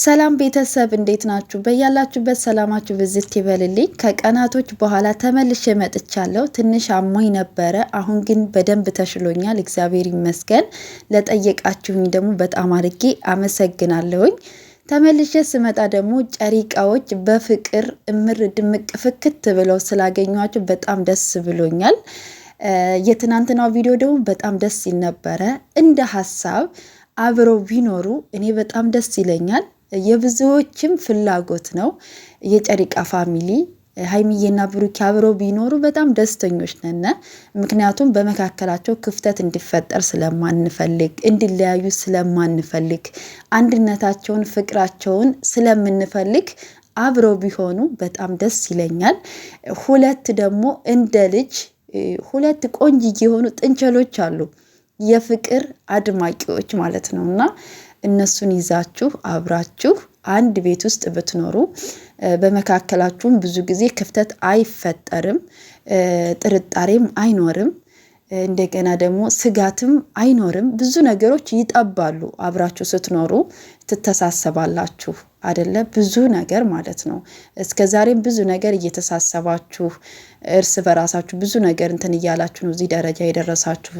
ሰላም ቤተሰብ እንዴት ናችሁ? በያላችሁበት ሰላማችሁ ብዝት ይበልልኝ። ከቀናቶች በኋላ ተመልሼ መጥቻለሁ። ትንሽ አሞኝ ነበረ፣ አሁን ግን በደንብ ተሽሎኛል፣ እግዚአብሔር ይመስገን። ለጠየቃችሁኝ ደግሞ በጣም አድርጌ አመሰግናለሁኝ። ተመልሼ ስመጣ ደግሞ ጨሪቃዎች በፍቅር እምር ድምቅ ፍክት ብለው ስላገኟቸው በጣም ደስ ብሎኛል። የትናንትናው ቪዲዮ ደግሞ በጣም ደስ ይል ነበረ። እንደ ሀሳብ አብረው ቢኖሩ እኔ በጣም ደስ ይለኛል። የብዙዎችም ፍላጎት ነው። የጨሪቃ ፋሚሊ ሀይሚዬና ብሩኪ አብረው ቢኖሩ በጣም ደስተኞች ነን። ምክንያቱም በመካከላቸው ክፍተት እንዲፈጠር ስለማንፈልግ፣ እንዲለያዩ ስለማንፈልግ፣ አንድነታቸውን ፍቅራቸውን ስለምንፈልግ አብረው ቢሆኑ በጣም ደስ ይለኛል። ሁለት ደግሞ እንደ ልጅ ሁለት ቆንጅዬ የሆኑ ጥንቸሎች አሉ፣ የፍቅር አድማቂዎች ማለት ነው እና እነሱን ይዛችሁ አብራችሁ አንድ ቤት ውስጥ ብትኖሩ በመካከላችሁም ብዙ ጊዜ ክፍተት አይፈጠርም፣ ጥርጣሬም አይኖርም፣ እንደገና ደግሞ ስጋትም አይኖርም። ብዙ ነገሮች ይጠባሉ። አብራችሁ ስትኖሩ ትተሳሰባላችሁ አደለ? ብዙ ነገር ማለት ነው። እስከ ዛሬም ብዙ ነገር እየተሳሰባችሁ እርስ በራሳችሁ ብዙ ነገር እንትን እያላችሁ ነው እዚህ ደረጃ የደረሳችሁ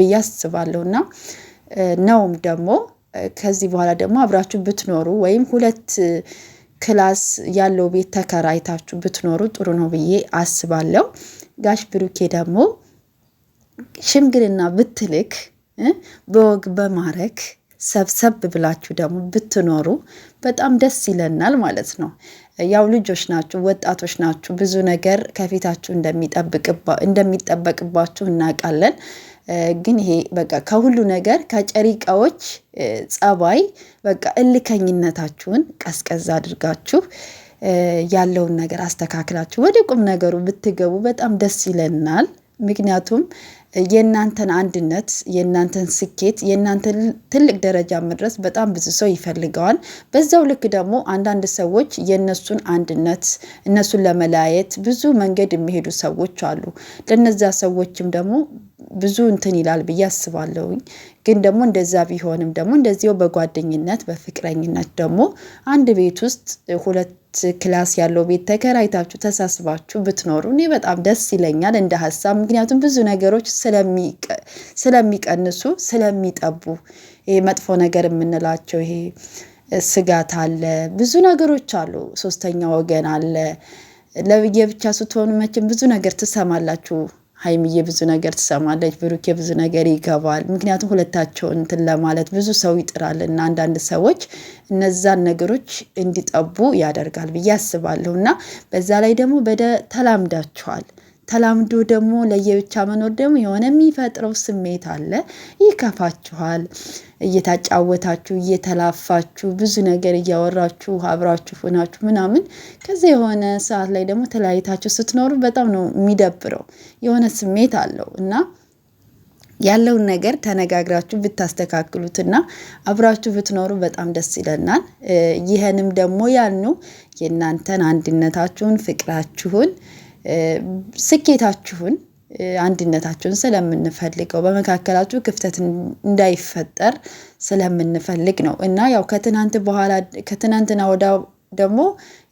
ብዬ አስባለሁ እና ነውም ደግሞ ከዚህ በኋላ ደግሞ አብራችሁ ብትኖሩ ወይም ሁለት ክላስ ያለው ቤት ተከራይታችሁ ብትኖሩ ጥሩ ነው ብዬ አስባለሁ። ጋሽ ብሩኬ ደግሞ ሽምግልና ብትልክ በወግ በማረክ ሰብሰብ ብላችሁ ደግሞ ብትኖሩ በጣም ደስ ይለናል ማለት ነው። ያው ልጆች ናችሁ፣ ወጣቶች ናችሁ። ብዙ ነገር ከፊታችሁ እንደሚጠበቅባችሁ እናውቃለን። ግን ይሄ በቃ ከሁሉ ነገር ከጨሪቃዎች ጸባይ በቃ እልከኝነታችሁን ቀዝቀዝ አድርጋችሁ ያለውን ነገር አስተካክላችሁ ወደ ቁም ነገሩ ብትገቡ በጣም ደስ ይለናል። ምክንያቱም የእናንተን አንድነት፣ የእናንተን ስኬት፣ የእናንተን ትልቅ ደረጃ መድረስ በጣም ብዙ ሰው ይፈልገዋል። በዛው ልክ ደግሞ አንዳንድ ሰዎች የእነሱን አንድነት እነሱን ለመለያየት ብዙ መንገድ የሚሄዱ ሰዎች አሉ። ለነዚያ ሰዎችም ደግሞ ብዙ እንትን ይላል ብዬ አስባለሁኝ። ግን ደግሞ እንደዛ ቢሆንም ደግሞ እንደዚው በጓደኝነት በፍቅረኝነት ደግሞ አንድ ቤት ውስጥ ሁለት ክላስ ያለው ቤት ተከራይታችሁ ተሳስባችሁ ብትኖሩ እኔ በጣም ደስ ይለኛል እንደ ሀሳብ። ምክንያቱም ብዙ ነገሮች ስለሚቀንሱ ስለሚጠቡ፣ ይሄ መጥፎ ነገር የምንላቸው ይሄ ስጋት አለ፣ ብዙ ነገሮች አሉ፣ ሶስተኛ ወገን አለ። ለብዬ ብቻ ስትሆኑ መቼም ብዙ ነገር ትሰማላችሁ። ሀይሚዬ ብዙ ነገር ትሰማለች፣ ብሩኬ ብዙ ነገር ይገባል። ምክንያቱም ሁለታቸውን እንትን ለማለት ብዙ ሰው ይጥራል እና አንዳንድ ሰዎች እነዛን ነገሮች እንዲጠቡ ያደርጋል ብዬ አስባለሁ እና በዛ ላይ ደግሞ በደ ተላምዳችኋል ተላምዶ ደግሞ ለየብቻ መኖር ደግሞ የሆነ የሚፈጥረው ስሜት አለ። ይከፋችኋል። እየታጫወታችሁ እየተላፋችሁ ብዙ ነገር እያወራችሁ አብራችሁ ሆናችሁ ምናምን ከዚ የሆነ ሰዓት ላይ ደግሞ ተለያይታችሁ ስትኖሩ በጣም ነው የሚደብረው። የሆነ ስሜት አለው እና ያለውን ነገር ተነጋግራችሁ ብታስተካክሉትና አብራችሁ ብትኖሩ በጣም ደስ ይለናል። ይህንም ደግሞ ያልኑ የእናንተን አንድነታችሁን ፍቅራችሁን ስኬታችሁን አንድነታችሁን ስለምንፈልገው በመካከላችሁ ክፍተት እንዳይፈጠር ስለምንፈልግ ነው እና ያው ከትናንት በኋላ ከትናንትና ወዳ ደግሞ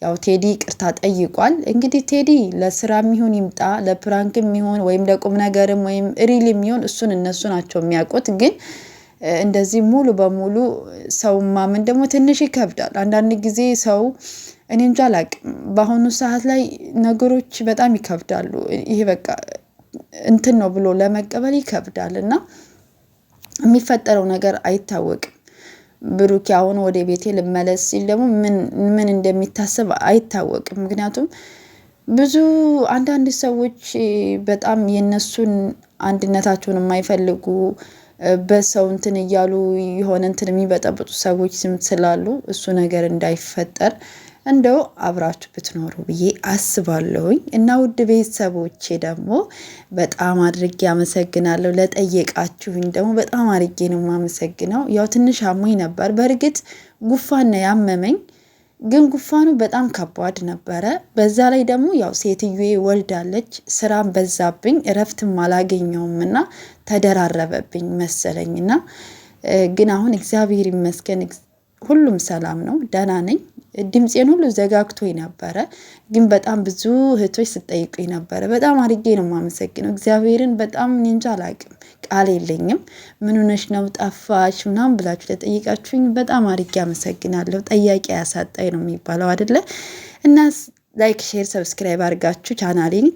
ያው ቴዲ ቅርታ ጠይቋል። እንግዲህ ቴዲ ለስራ የሚሆን ይምጣ ለፕራንክ የሚሆን ወይም ለቁም ነገርም ወይም ሪል የሚሆን እሱን እነሱ ናቸው የሚያውቁት ግን እንደዚህ ሙሉ በሙሉ ሰው ማመን ደግሞ ትንሽ ይከብዳል። አንዳንድ ጊዜ ሰው እኔ እንጃ አላቅም፣ በአሁኑ ሰዓት ላይ ነገሮች በጣም ይከብዳሉ። ይሄ በቃ እንትን ነው ብሎ ለመቀበል ይከብዳል እና የሚፈጠረው ነገር አይታወቅም። ብሩኪ አሁን ወደ ቤቴ ልመለስ ሲል ደግሞ ምን እንደሚታሰብ አይታወቅም። ምክንያቱም ብዙ አንዳንድ ሰዎች በጣም የነሱን አንድነታቸውን የማይፈልጉ በሰው እንትን እያሉ የሆነ እንትን የሚበጠብጡ ሰዎች ስም ስላሉ እሱ ነገር እንዳይፈጠር እንደው አብራችሁ ብትኖሩ ብዬ አስባለሁኝ። እና ውድ ቤተሰቦቼ ደግሞ በጣም አድርጌ አመሰግናለሁ። ለጠየቃችሁኝ ደግሞ በጣም አድርጌ ነው የማመሰግነው። ያው ትንሽ አሞኝ ነበር። በእርግጥ ጉንፋን ያመመኝ ግን ጉንፋኑ በጣም ከባድ ነበረ። በዛ ላይ ደግሞ ያው ሴትዮ ወልዳለች፣ ስራም በዛብኝ፣ እረፍትም አላገኘውም እና ተደራረበብኝ መሰለኝ እና ግን አሁን እግዚአብሔር ይመስገን ሁሉም ሰላም ነው፣ ደህና ነኝ። ድምፄን ሁሉ ዘጋግቶ ነበረ። ግን በጣም ብዙ እህቶች ስጠይቁ ነበረ። በጣም አድጌ ነው የማመሰግነው እግዚአብሔርን። በጣም እንጃ አላቅም፣ ቃል የለኝም። ምን ሆነሽ ነው ጠፋሽ ምናምን ብላችሁ ለጠይቃችሁኝ በጣም አድጌ አመሰግናለሁ። ጠያቂ አያሳጣኝ ነው የሚባለው አደለ? እና ላይክ፣ ሼር፣ ሰብስክራይብ አድርጋችሁ ቻናሌን